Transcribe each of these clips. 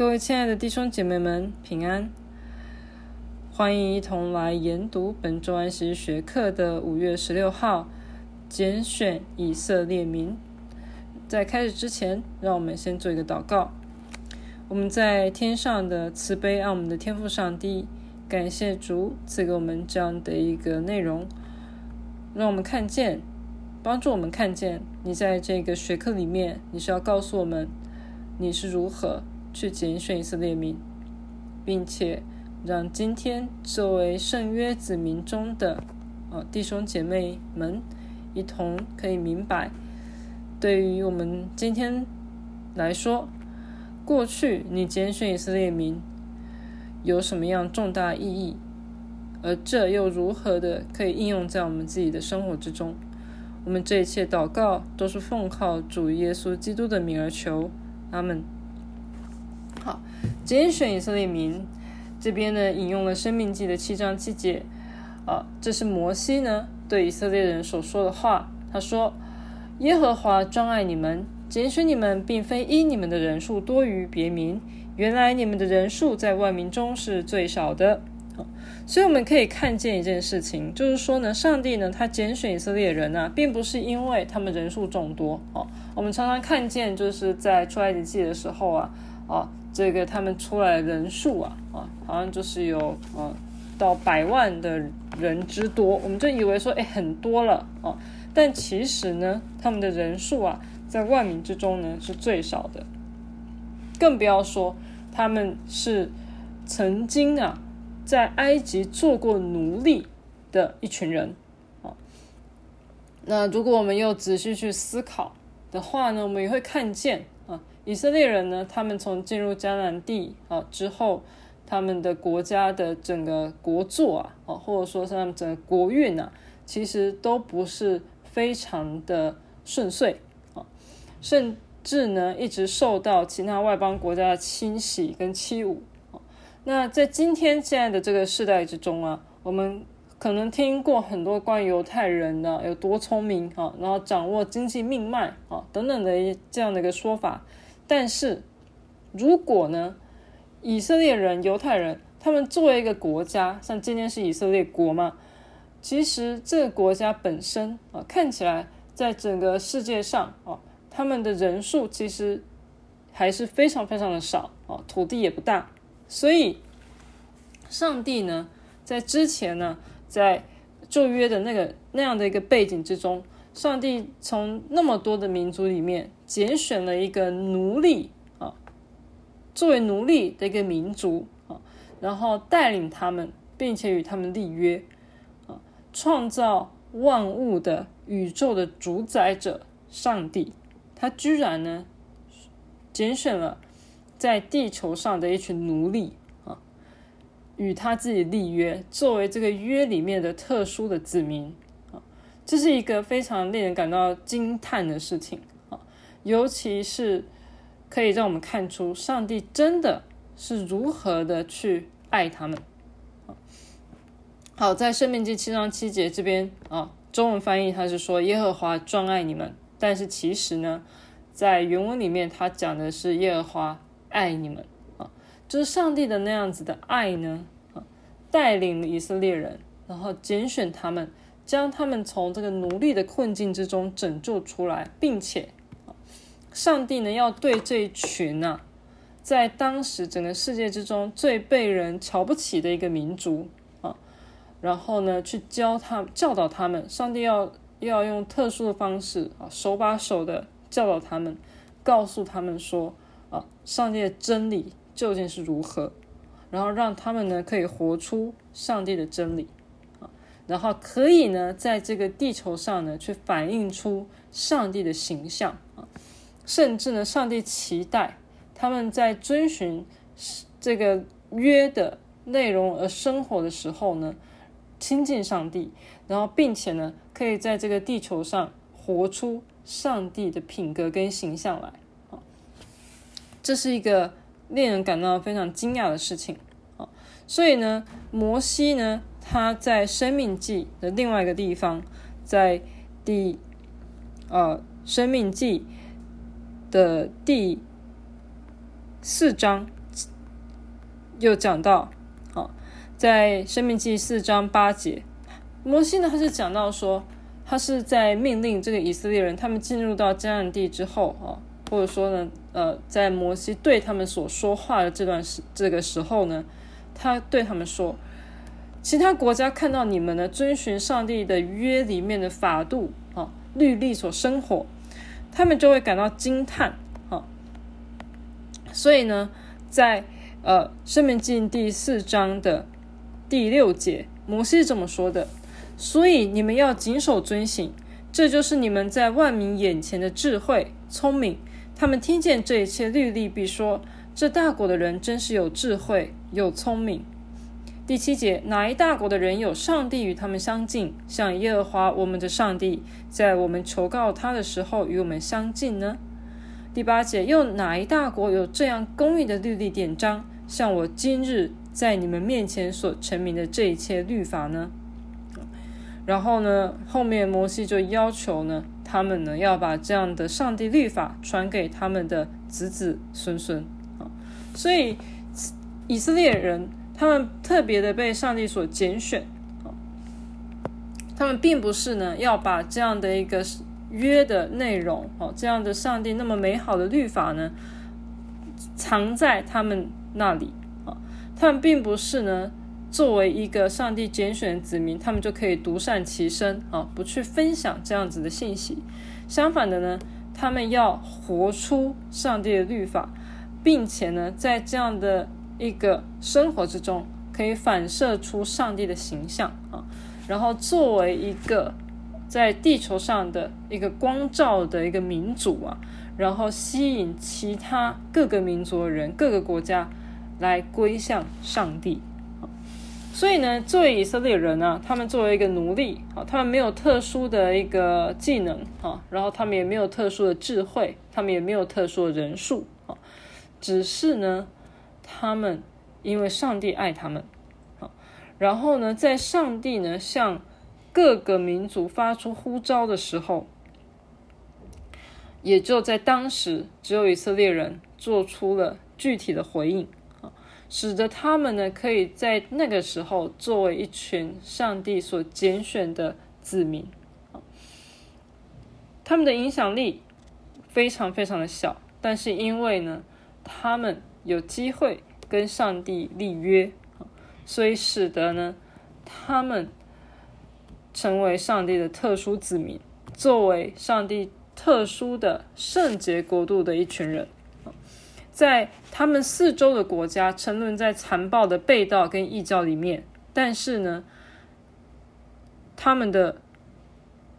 各位親愛的弟兄姐妹們，平安！歡迎一同來研讀本周安息日學課的五月十六號揀選以色列民。在開始之前，讓我們先做一個禱告。我們在天上的慈悲，愛我們的天父上帝，感謝主賜給我們這樣的一個內容，讓我們看見，幫助我們看見你在這個學課裡面，你是要告訴我們你是如何。去揀選以色列民，並且讓今天作為聖約子民中的呃弟兄姐妹們一同可以明白，對於我們今天來說，過去你揀選以色列民有什麼樣重大意義？而這又如何的可以應用在我們自己的生活之中？我們這一切禱告都是奉靠主耶穌基督的名而求，阿們。揀選以色列民，這邊呢引用了《申命記》的七章七節，啊，這是摩西呢對以色列人所說的話。他說：“耶和華專愛你們，揀選你們，並非因你們的人數多於別民。原來你們的人數在萬民中是最少的。”啊，所以我們可以看見一件事情，就是說呢，上帝呢，他揀選以色列人啊，並不是因為他們人數眾多啊。我們常常看見，就是在出埃及記的時候啊，啊。這個他們出來的人數啊，啊，好像就是有啊到百萬的人之多，我們就以為說，哎，很多了啊。但其實呢，他們的人數啊，在萬民之中呢是最少的，更不要說他們是曾經啊在埃及做過奴隸的一群人啊。那如果我們又仔細去思考的話呢，我們也會看見。以色列人呢，他們從進入迦南地啊之後，他們的國家的整個國祚啊，啊，或者說是他們的國運呢，啊，其實都不是非常的順遂啊，甚至呢一直受到其他外邦國家的侵襲跟欺侮，啊、那在今天現在的這個世代之中啊，我們可能聽過很多關於猶太人的，啊、有多聰明啊，然後掌握經濟命脈啊等等的一這樣的一個說法。但是，如果呢，以色列人、猶太人，他們作為一個國家，像今天是以色列國嘛，其實這個國家本身啊，看起來在整個世界上啊，他們的人數其實還是非常非常的少啊，土地也不大，所以，上帝呢，在之前呢，在舊約的那個那樣的一個背景之中，上帝從那麼多的民族裡面。揀選了一個奴隸啊，作為奴隸的一個民族啊，然後帶領他們，並且與他們立約啊，創造萬物的宇宙的主宰者上帝，他居然呢揀選了在地球上的一群奴隸啊，與他自己立約，作為這個約裡面的特殊的子民啊，這是一個非常令人感到驚嘆的事情。尤其是可以讓我們看出，上帝真的是如何的去愛他們。好，在《申命記》七章七節這邊啊，中文翻譯他是說“耶和華專愛你們”，但是其實呢，在原文裡面他講的是“耶和華愛你們”。啊，就是上帝的那樣子的愛呢啊，帶領了以色列人，然後揀選他們，將他們從這個奴隸的困境之中拯救出來，並且。上帝呢，要對這一群呢，啊，在當時整個世界之中最被人瞧不起的一個民族啊，然後呢，去教他教導他們，上帝要要用特殊的方式啊，手把手的教導他們，告訴他們說啊，上帝的真理究竟是如何，然後讓他們呢可以活出上帝的真理啊，然後可以呢，在這個地球上呢，去反映出上帝的形象。甚至呢，上帝期待他們在遵循這個約的內容而生活的時候呢，親近上帝，然後並且呢，可以在這個地球上活出上帝的品格跟形象來。這是一個令人感到非常驚訝的事情。所以呢，摩西呢，他在申命記的另外一個地方，在第呃申命記。的第四章又講到，好，在《申命記》四章八節，摩西呢，他是講到說，他是在命令這個以色列人，他們進入到迦南地之後啊，或者說呢，呃，在摩西對他們所說話的這段時，這個時候呢，他對他們說，其他國家看到你們呢，遵循上帝的約裡面的法度啊、律例所生活。他們就會感到驚嘆，啊、哦，所以呢，在呃《申命記》第四章的第六節，摩西是這麼說的：所以你們要謹守遵行，這就是你們在萬民眼前的智慧、聰明。他們聽見這一切律例，必說：這大國的人真是有智慧、有聰明。第七節，哪一大國的人有上帝與他們相近，像耶和華我們的上帝在我們求告他的時候與我們相近呢？第八節，又哪一大國有這樣公義的律例典章，像我今日在你們面前所陳明的這一切律法呢？然後呢，後面摩西就要求呢，他們呢要把這樣的上帝律法傳給他們的子子孫孫啊，所以以色列人。他們特別的被上帝所揀選，他們並不是呢要把這樣的一個約的內容，哦，這樣的上帝那麼美好的律法呢藏在他們那裡，啊，他們並不是呢作為一個上帝揀選的子民，他們就可以獨善其身，啊，不去分享這樣子的信息。相反的呢，他們要活出上帝的律法，並且呢，在這樣的。一個生活之中可以反射出上帝的形象啊，然後作為一個在地球上的一個光照的一個民族啊，然後吸引其他各個民族的人、各個國家來歸向上帝。所以呢，作為以色列人呢、啊，他們作為一個奴隸啊，他們沒有特殊的一個技能啊，然後他們也沒有特殊的智慧，他們也沒有特殊的人數啊，只是呢。他們因為上帝愛他們，啊，然後呢，在上帝呢向各個民族發出呼召的時候，也就在當時，只有以色列人做出了具體的回應啊，使得他們呢可以在那個時候作為一群上帝所揀選的子民。他們的影響力非常非常的小，但是因為呢，他們。有機會跟上帝立約，所以使得呢，他們成為上帝的特殊子民，作為上帝特殊的聖潔國度的一群人，在他們四周的國家沉淪在殘暴的背道跟異教裡面，但是呢，他們的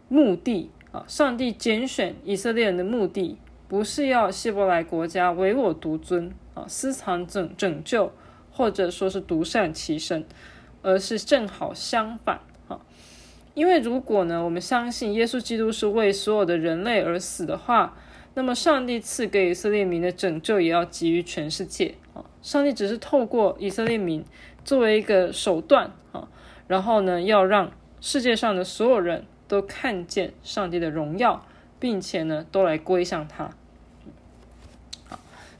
目的啊，上帝揀選以色列人的目的。不是要希伯來國家唯我獨尊啊，私藏拯拯救，或者說是獨善其身，而是正好相反啊。因為如果呢，我們相信耶穌基督是為所有的人類而死的話，那麼上帝賜給以色列民的拯救也要給予全世界啊。上帝只是透過以色列民作為一個手段啊，然後呢，要讓世界上的所有人都看見上帝的榮耀，並且呢，都來歸向他。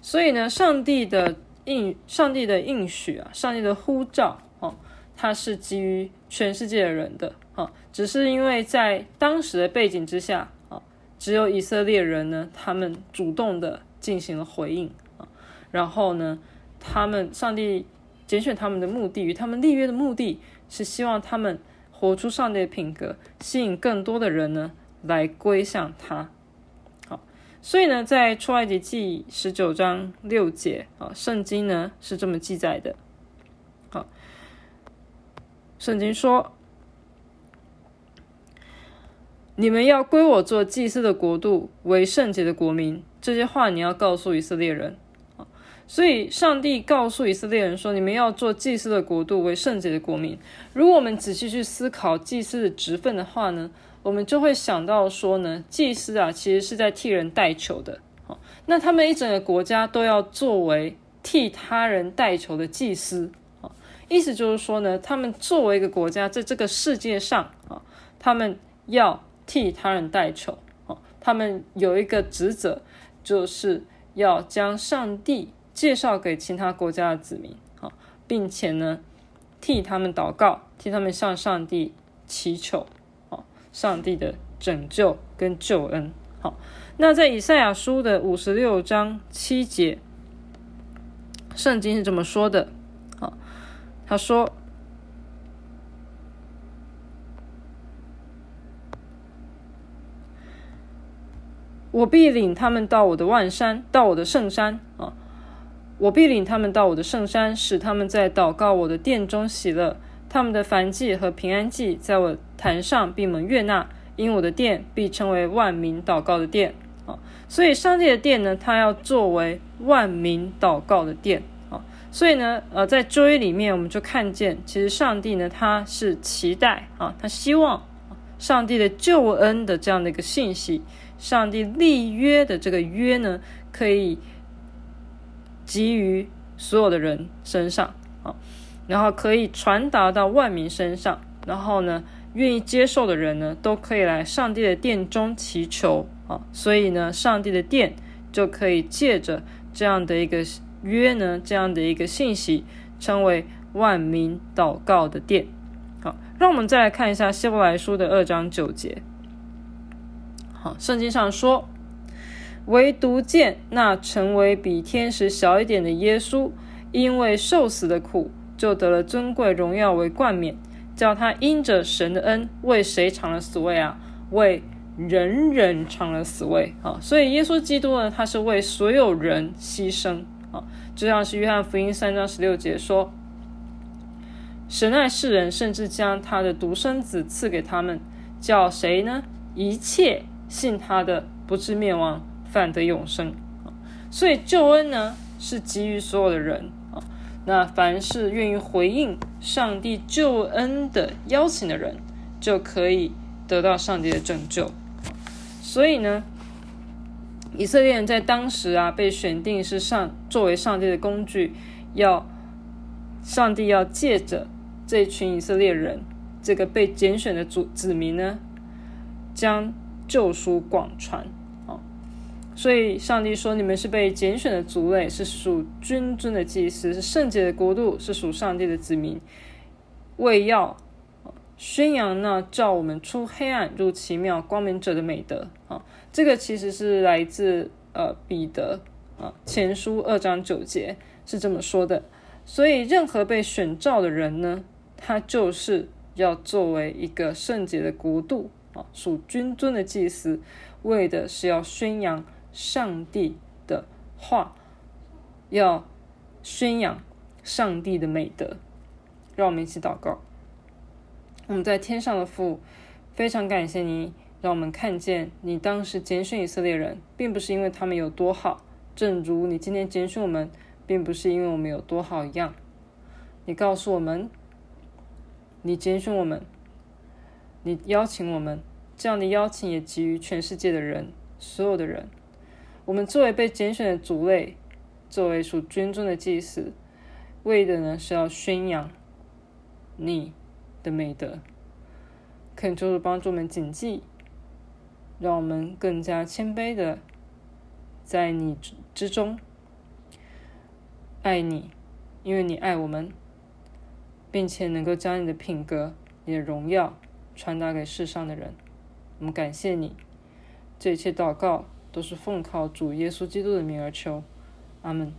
所以呢，上帝的應，上帝的應許啊，上帝的呼召啊、哦，它是基於全世界的人的啊、哦，只是因為在當時的背景之下啊、哦，只有以色列人呢，他們主動地進行了回應啊、哦，然後呢，他們上帝揀選他們的目的與他們立約的目的是希望他們活出上帝的品格，吸引更多的人呢來歸向他。所以呢，在出埃及記十九章六節啊，聖經呢是這麼記載的。好，聖經說：“你們要歸我做祭司的國度，為聖潔的國民。”這些話你要告訴以色列人啊。所以上帝告訴以色列人說：“你們要做祭司的國度，為聖潔的國民。”如果我們仔細去思考祭司的職分的話呢？我們就會想到說呢，祭司啊，其實是在替人代求的。好，那他們一整個國家都要作為替他人代求的祭司啊。意思就是說呢，他們作為一個國家，在這個世界上啊，他們要替他人代求。他們有一個職責，就是要將上帝介紹給其他國家的子民啊，並且呢，替他們禱告，替他們向上帝祈求。上帝的拯救跟救恩，好，那在以賽亞書的五十六章七節，聖經是這麼說的。好，他說：“我必領他們到我的萬山，到我的聖山啊！我必領他們到我的聖山，使他們在禱告我的殿中喜樂。”他們的燔祭和平安祭，在我壇上必蒙悅納，因我的殿必稱為萬民禱告的殿。啊，所以上帝的殿呢，他要作為萬民禱告的殿。啊，所以呢，呃，在舊約裡面，我們就看見，其實上帝呢，他是期待啊，他希望上帝的救恩的這樣的一個信息，上帝立約的這個約呢，可以給予所有的人身上。啊。然後可以傳達到萬民身上，然後呢，願意接受的人呢，都可以來上帝的殿中祈求啊。所以呢，上帝的殿就可以借着這樣的一個約呢，這樣的一個信息，成為萬民禱告的殿。好，讓我們再來看一下希伯來書的二章九節。好，聖經上說：“唯獨見那成為比天使小一點的耶穌，因為受死的苦。”就得了尊貴榮耀為冠冕，叫他因着神的恩為誰嘗了死味啊？為人人嘗了死味啊！所以耶穌基督呢，他是為所有人犧牲啊！就像是約翰福音三章十六節說：“神愛世人，甚至將他的獨生子賜給他們，叫誰呢？一切信他的，不至滅亡，反得永生。”所以救恩呢，是給予所有的人。那凡是願意回應上帝救恩的邀請的人,就可以得到上帝的拯救。所以呢,以色列人在當時啊,被選定是上,作為上帝的工具,要,上帝要借着這群以色列人,這個被揀選的子民呢,將救贖廣傳。所以，上帝說：“你們是被揀選的族類，是屬君尊的祭司，是聖潔的國度，是屬上帝的子民，為要宣揚那召我們出黑暗入奇妙光明者的美德。”啊，這個其實是來自呃彼得啊，前書二章九節是這麼說的。所以，任何被選召的人呢，他就是要作為一個聖潔的國度啊，屬君尊的祭司，為的是要宣揚。上帝的話要宣揚上帝的美德，讓我們一起禱告。我們在天上的父，非常感謝你，讓我們看見你當時揀選以色列人，並不是因為他們有多好，正如你今天揀選我們，並不是因為我們有多好一樣。你告訴我們，你揀選我們，你邀請我們，這樣的邀請也給予全世界的人，所有的人。我們作為被揀選的族類，作為屬君尊的祭司，為的呢是要宣揚你的美德，懇求主幫助我們謹記，讓我們更加謙卑的在你之中愛你，因為你愛我們，並且能夠將你的品格、你的榮耀傳達給世上的人。我們感謝你，這一切禱告，都是奉靠主耶穌基督的名而求，阿門。